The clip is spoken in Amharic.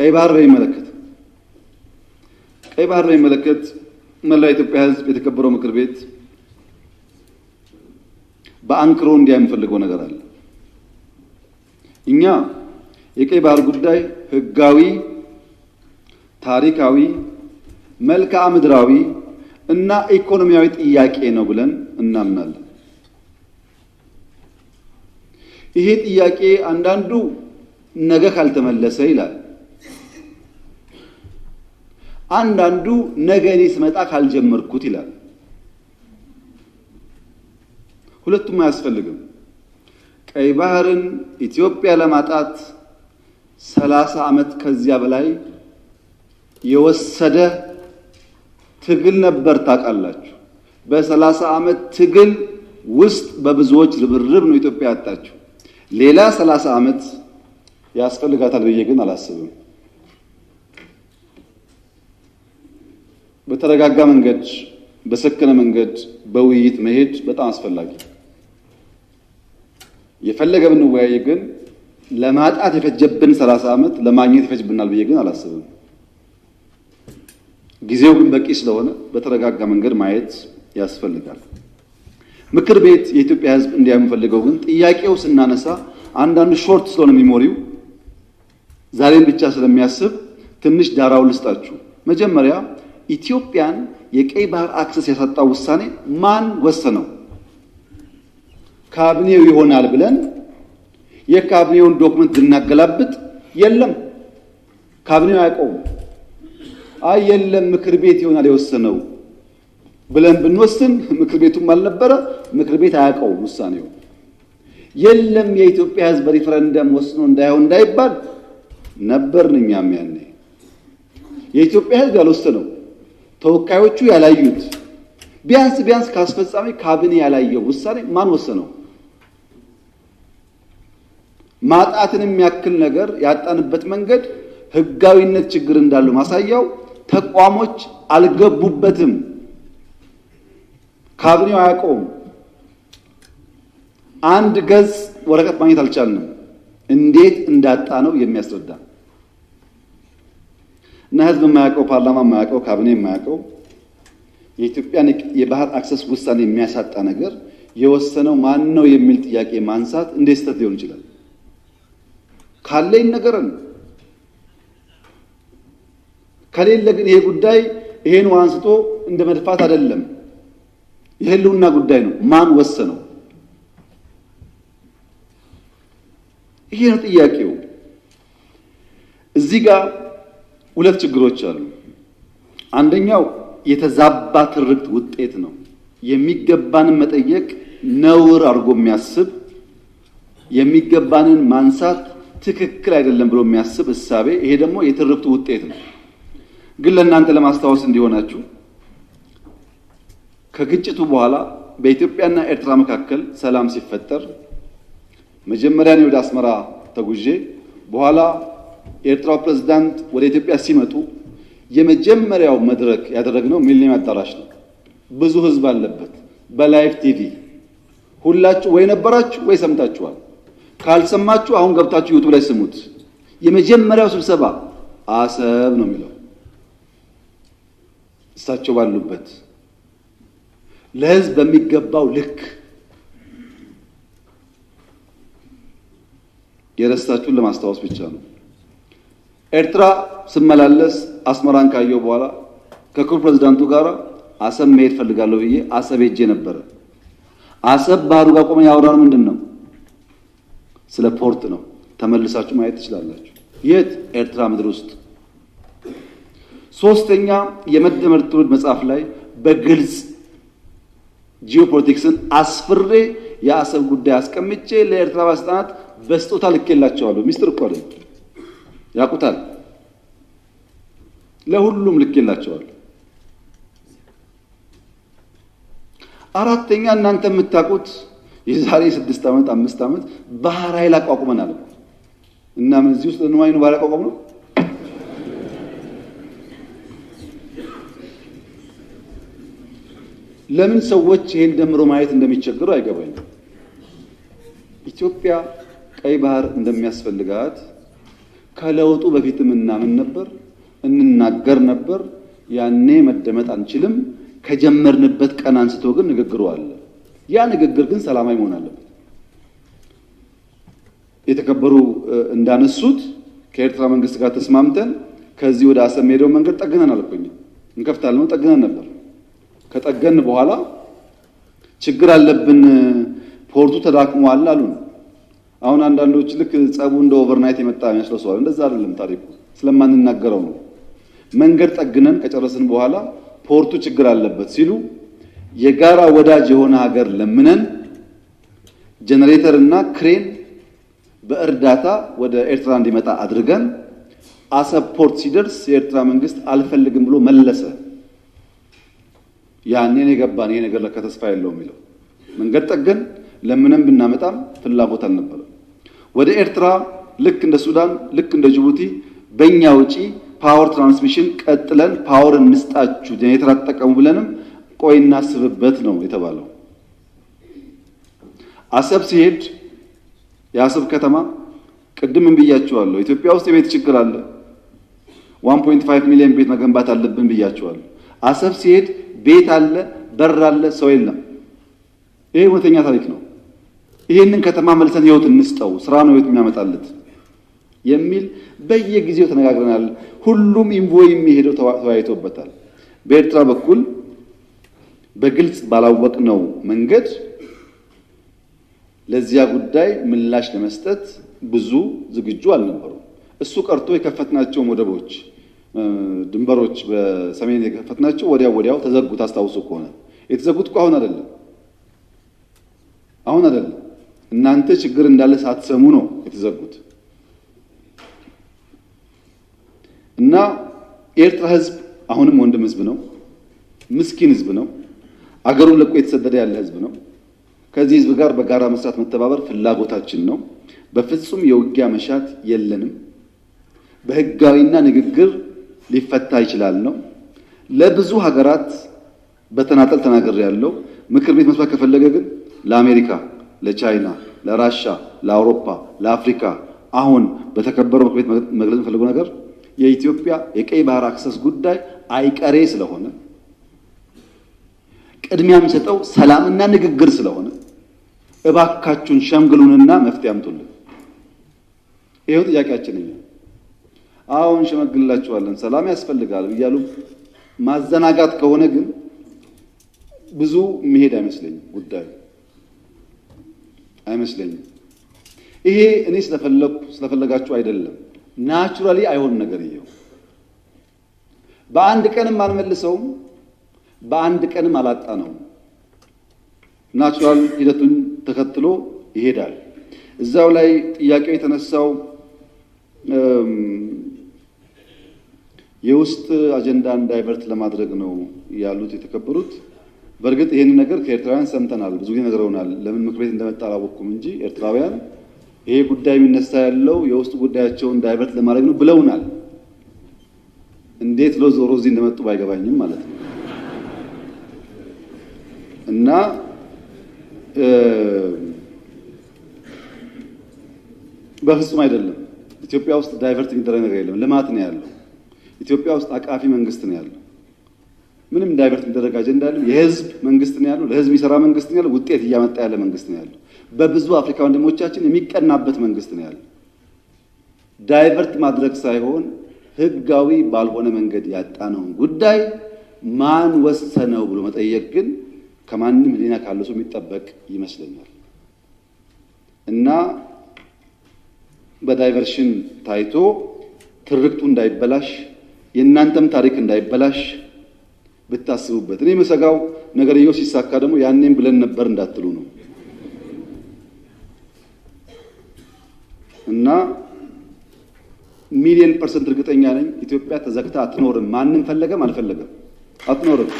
ቀይ ባህር በሚመለከት ቀይ ባህር በሚመለከት መላው ኢትዮጵያ ህዝብ የተከበረው ምክር ቤት በአንክሮ እንዲያ የምፈልገው ነገር አለ። እኛ የቀይ ባህር ጉዳይ ህጋዊ፣ ታሪካዊ፣ መልክዓ ምድራዊ እና ኢኮኖሚያዊ ጥያቄ ነው ብለን እናምናለን። ይሄ ጥያቄ አንዳንዱ ነገ ካልተመለሰ ይላል አንዳንዱ ነገ እኔ ስመጣ ካልጀመርኩት ይላል። ሁለቱም አያስፈልግም። ቀይ ባህርን ኢትዮጵያ ለማጣት ሰላሳ ዓመት ከዚያ በላይ የወሰደ ትግል ነበር። ታውቃላችሁ። በሰላሳ ዓመት ትግል ውስጥ በብዙዎች ርብርብ ነው ኢትዮጵያ ያጣችው። ሌላ ሰላሳ ዓመት ያስፈልጋታል ብዬ ግን አላስብም። በተረጋጋ መንገድ በሰከነ መንገድ በውይይት መሄድ በጣም አስፈላጊ። የፈለገ ብንወያይ ግን ለማጣት የፈጀብን ሰላሳ ዓመት ለማግኘት ይፈጅብናል ብዬ ግን አላስብም። ጊዜው ግን በቂ ስለሆነ በተረጋጋ መንገድ ማየት ያስፈልጋል። ምክር ቤት የኢትዮጵያ ሕዝብ እንዲያምፈልገው ግን ጥያቄው ስናነሳ አንዳንድ ሾርት ስለሆነ ሚሞሪው ዛሬን ብቻ ስለሚያስብ ትንሽ ዳራውን ልስጣችሁ መጀመሪያ ኢትዮጵያን የቀይ ባህር አክሰስ ያሳጣው ውሳኔ ማን ወሰነው? ካቢኔው ይሆናል ብለን የካቢኔውን ዶክመንት ብናገላብጥ የለም፣ ካቢኔው አያውቀውም። አይ የለም ምክር ቤት ይሆናል የወሰነው ብለን ብንወስን ምክር ቤቱም አልነበረ፣ ምክር ቤት አያውቀውም ውሳኔው። የለም የኢትዮጵያ ሕዝብ በሪፈረንደም ወስኖ እንዳይሆን እንዳይባል ነበርን እኛም ያኔ የኢትዮጵያ ሕዝብ ያልወሰነው ተወካዮቹ ያላዩት ቢያንስ ቢያንስ ከአስፈጻሚ ካቢኔ ያላየው ውሳኔ ማን ወሰነው? ማጣትን ያክል ነገር ያጣንበት መንገድ ህጋዊነት ችግር እንዳለው ማሳያው ተቋሞች አልገቡበትም። ካቢኔው አያውቀውም። አንድ ገጽ ወረቀት ማግኘት አልቻልንም። እንዴት እንዳጣ ነው የሚያስረዳ እና ህዝብ የማያውቀው ፓርላማ የማያውቀው ካቢኔ የማያውቀው የኢትዮጵያን የባህር አክሰስ ውሳኔ የሚያሳጣ ነገር የወሰነው ማን ነው የሚል ጥያቄ ማንሳት እንዴት ስህተት ሊሆን ይችላል? ካለ ይነገረን። ከሌለ ግን ይሄ ጉዳይ ይሄን አንስቶ እንደ መድፋት አይደለም፣ የህልውና ጉዳይ ነው። ማን ወሰነው? ይሄ ነው ጥያቄው እዚህ ጋር ሁለት ችግሮች አሉ። አንደኛው የተዛባ ትርክት ውጤት ነው። የሚገባንን መጠየቅ ነውር አድርጎ የሚያስብ የሚገባንን ማንሳት ትክክል አይደለም ብሎ የሚያስብ እሳቤ። ይሄ ደግሞ የትርክቱ ውጤት ነው። ግን ለእናንተ ለማስታወስ እንዲሆናችሁ ከግጭቱ በኋላ በኢትዮጵያና ኤርትራ መካከል ሰላም ሲፈጠር መጀመሪያ እኔ ወደ አስመራ ተጉዤ በኋላ የኤርትራው ፕሬዝዳንት ወደ ኢትዮጵያ ሲመጡ የመጀመሪያው መድረክ ያደረግነው ሚሊኒየም አዳራሽ ነው። ብዙ ህዝብ አለበት። በላይቭ ቲቪ ሁላችሁ ወይ ነበራችሁ ወይ ሰምታችኋል። ካልሰማችሁ አሁን ገብታችሁ ዩቱብ ላይ ስሙት። የመጀመሪያው ስብሰባ አሰብ ነው የሚለው እሳቸው ባሉበት ለህዝብ በሚገባው ልክ የረሳችሁን ለማስታወስ ብቻ ነው። ኤርትራ ስመላለስ አስመራን ካየሁ በኋላ ከክቡር ፕሬዚዳንቱ ጋር አሰብ መሄድ ፈልጋለሁ ብዬ አሰብ ሄጄ ነበረ። አሰብ ባህሩ ጋር ቆመን ያወራነው ምንድን ነው? ስለ ፖርት ነው። ተመልሳችሁ ማየት ትችላላችሁ። የት ኤርትራ ምድር ውስጥ ሶስተኛ የመደመር ትውልድ መጽሐፍ ላይ በግልጽ ጂኦፖለቲክስን አስፍሬ የአሰብ ጉዳይ አስቀምጬ ለኤርትራ ባለስልጣናት በስጦታ ልኬላቸዋለሁ። ሚስጥር እኮ ያውቁታል። ለሁሉም ልኬላቸዋል። አራተኛ እናንተ የምታውቁት የዛሬ ስድስት ዓመት አምስት ዓመት ባህር ኃይል አቋቁመናል እና ምን እዚህ ውስጥ ነው ባህር አቋቁም ነው። ለምን ሰዎች ይሄን ደምሮ ማየት እንደሚቸግሩ አይገባኝም። ኢትዮጵያ ቀይ ባህር እንደሚያስፈልጋት ከለውጡ በፊትም እናምን ነበር። እንናገር ነበር። ያኔ መደመጥ አንችልም። ከጀመርንበት ቀን አንስቶ ግን ንግግሩ አለ። ያ ንግግር ግን ሰላማዊ መሆን አለበት። የተከበሩ እንዳነሱት ከኤርትራ መንግስት ጋር ተስማምተን ከዚህ ወደ አሰብ የሄደው መንገድ ጠግነን አልኩኝ እንከፍታለን፣ ጠግነን ነበር። ከጠገን በኋላ ችግር አለብን፣ ፖርቱ ተዳክሟል አሉን። አሁን አንዳንዶች ልክ ጸቡ እንደ ኦቨርናይት የመጣ ሰዋል እንደዛ አይደለም ታሪኩ፣ ስለማንናገረው ነው። መንገድ ጠግነን ከጨረስን በኋላ ፖርቱ ችግር አለበት ሲሉ የጋራ ወዳጅ የሆነ ሀገር ለምነን ጄኔሬተር እና ክሬን በእርዳታ ወደ ኤርትራ እንዲመጣ አድርገን አሰብ ፖርት ሲደርስ የኤርትራ መንግስት አልፈልግም ብሎ መለሰ። ያኔን የገባን ይሄ ነገር ለካ ተስፋ የለው የሚለው መንገድ ጠገን ለምንም ብናመጣም ፍላጎት አልነበረም። ወደ ኤርትራ ልክ እንደ ሱዳን ልክ እንደ ጅቡቲ በእኛ ውጪ ፓወር ትራንስሚሽን ቀጥለን ፓወር እንስጣችሁ ጄኔሬተር አትጠቀሙ ብለንም ቆይ እናስብበት ነው የተባለው። አሰብ ሲሄድ የአሰብ ከተማ ቅድም እንብያችኋለሁ፣ ኢትዮጵያ ውስጥ የቤት ችግር አለ። 1.5 ሚሊዮን ቤት መገንባት አለብን ብያችኋለሁ። አሰብ ሲሄድ ቤት አለ፣ በር አለ፣ ሰው የለም። ይሄ እውነተኛ ታሪክ ነው። ይህንን ከተማ መልሰን ህይወት እንስጠው። ስራ ነው ህይወት የሚያመጣለት። የሚል በየጊዜው ተነጋግረናል። ሁሉም ኢንቮይ የሚሄደው ተወያይቶበታል። በኤርትራ በኩል በግልጽ ባላወቅነው መንገድ ለዚያ ጉዳይ ምላሽ ለመስጠት ብዙ ዝግጁ አልነበሩም። እሱ ቀርቶ የከፈትናቸው ወደቦች፣ ድንበሮች በሰሜን የከፈትናቸው ወዲያው ወዲያው ተዘጉት። ታስታውሱ ከሆነ የተዘጉት እኮ አሁን አይደለም አሁን አይደለም እናንተ ችግር እንዳለ ሳትሰሙ ነው የተዘጉት። እና የኤርትራ ህዝብ አሁንም ወንድም ህዝብ ነው። ምስኪን ህዝብ ነው። አገሩን ለቆ የተሰደደ ያለ ህዝብ ነው። ከዚህ ህዝብ ጋር በጋራ መስራት፣ መተባበር ፍላጎታችን ነው። በፍጹም የውጊያ መሻት የለንም። በህጋዊና ንግግር ሊፈታ ይችላል ነው። ለብዙ ሀገራት በተናጠል ተናገር ያለው ምክር ቤት መስማት ከፈለገ ግን ለአሜሪካ፣ ለቻይና፣ ለራሻ፣ ለአውሮፓ፣ ለአፍሪካ አሁን በተከበረው ምክር ቤት መግለጽ የፈለገው ነገር የኢትዮጵያ የቀይ ባህር አክሰስ ጉዳይ አይቀሬ ስለሆነ ቅድሚያ የሚሰጠው ሰላምና ንግግር ስለሆነ እባካችሁን ሸምግሉንና መፍትሄ አምጡልን። ይኸው ጥያቄያችን። አሁን ሸመግልላችኋለን፣ ሰላም ያስፈልጋል እያሉ ማዘናጋት ከሆነ ግን ብዙ መሄድ አይመስለኝም፣ ጉዳዩ አይመስለኝም። ይሄ እኔ ስለፈለኩ ስለፈለጋችሁ አይደለም። ናቹራሊ አይሆን ነገር በአንድ ቀንም አልመልሰውም፣ በአንድ ቀንም አላጣ ነው። ናቹራል ሂደቱን ተከትሎ ይሄዳል። እዛው ላይ ጥያቄው የተነሳው የውስጥ አጀንዳን ዳይቨርት ለማድረግ ነው ያሉት የተከበሩት። በእርግጥ ይህንን ነገር ከኤርትራውያን ሰምተናል፣ ብዙ ጊዜ ነግረውናል። ለምን ምክር ቤት እንደመጣ አላወቅኩም እንጂ ኤርትራውያን ይሄ ጉዳይ የሚነሳ ያለው የውስጥ ጉዳያቸውን ዳይቨርት ለማድረግ ነው ብለውናል። እንዴት ሎ ዞሮ እዚህ እንደመጡ ባይገባኝም ማለት ነው እና በፍጹም አይደለም። ኢትዮጵያ ውስጥ ዳይቨርት የሚደረግ ነገር የለም። ልማት ነው ያለው። ኢትዮጵያ ውስጥ አቃፊ መንግስት ነው ያለው። ምንም ዳይቨርት የሚደረግ አጀንዳ የለም። የህዝብ መንግስት ነው ያለው። ለህዝብ የሚሰራ መንግስት ነው ያለው። ውጤት እያመጣ ያለ መንግስት ነው ያለው። በብዙ አፍሪካ ወንድሞቻችን የሚቀናበት መንግስት ነው ያለ። ዳይቨርት ማድረግ ሳይሆን ህጋዊ ባልሆነ መንገድ ያጣነውን ጉዳይ ማን ወሰነው ብሎ መጠየቅ ግን ከማንም ህሊና ካለ ሰው የሚጠበቅ ይመስለኛል እና በዳይቨርሽን ታይቶ ትርክቱ እንዳይበላሽ የእናንተም ታሪክ እንዳይበላሽ ብታስቡበት። እኔ የምሰጋው ነገርየው ሲሳካ ደግሞ ያኔም ብለን ነበር እንዳትሉ ነው። እና ሚሊየን ፐርሰንት እርግጠኛ ነኝ ኢትዮጵያ ተዘግታ አትኖርም። ማንም ፈለገም አልፈለገም አትኖርም።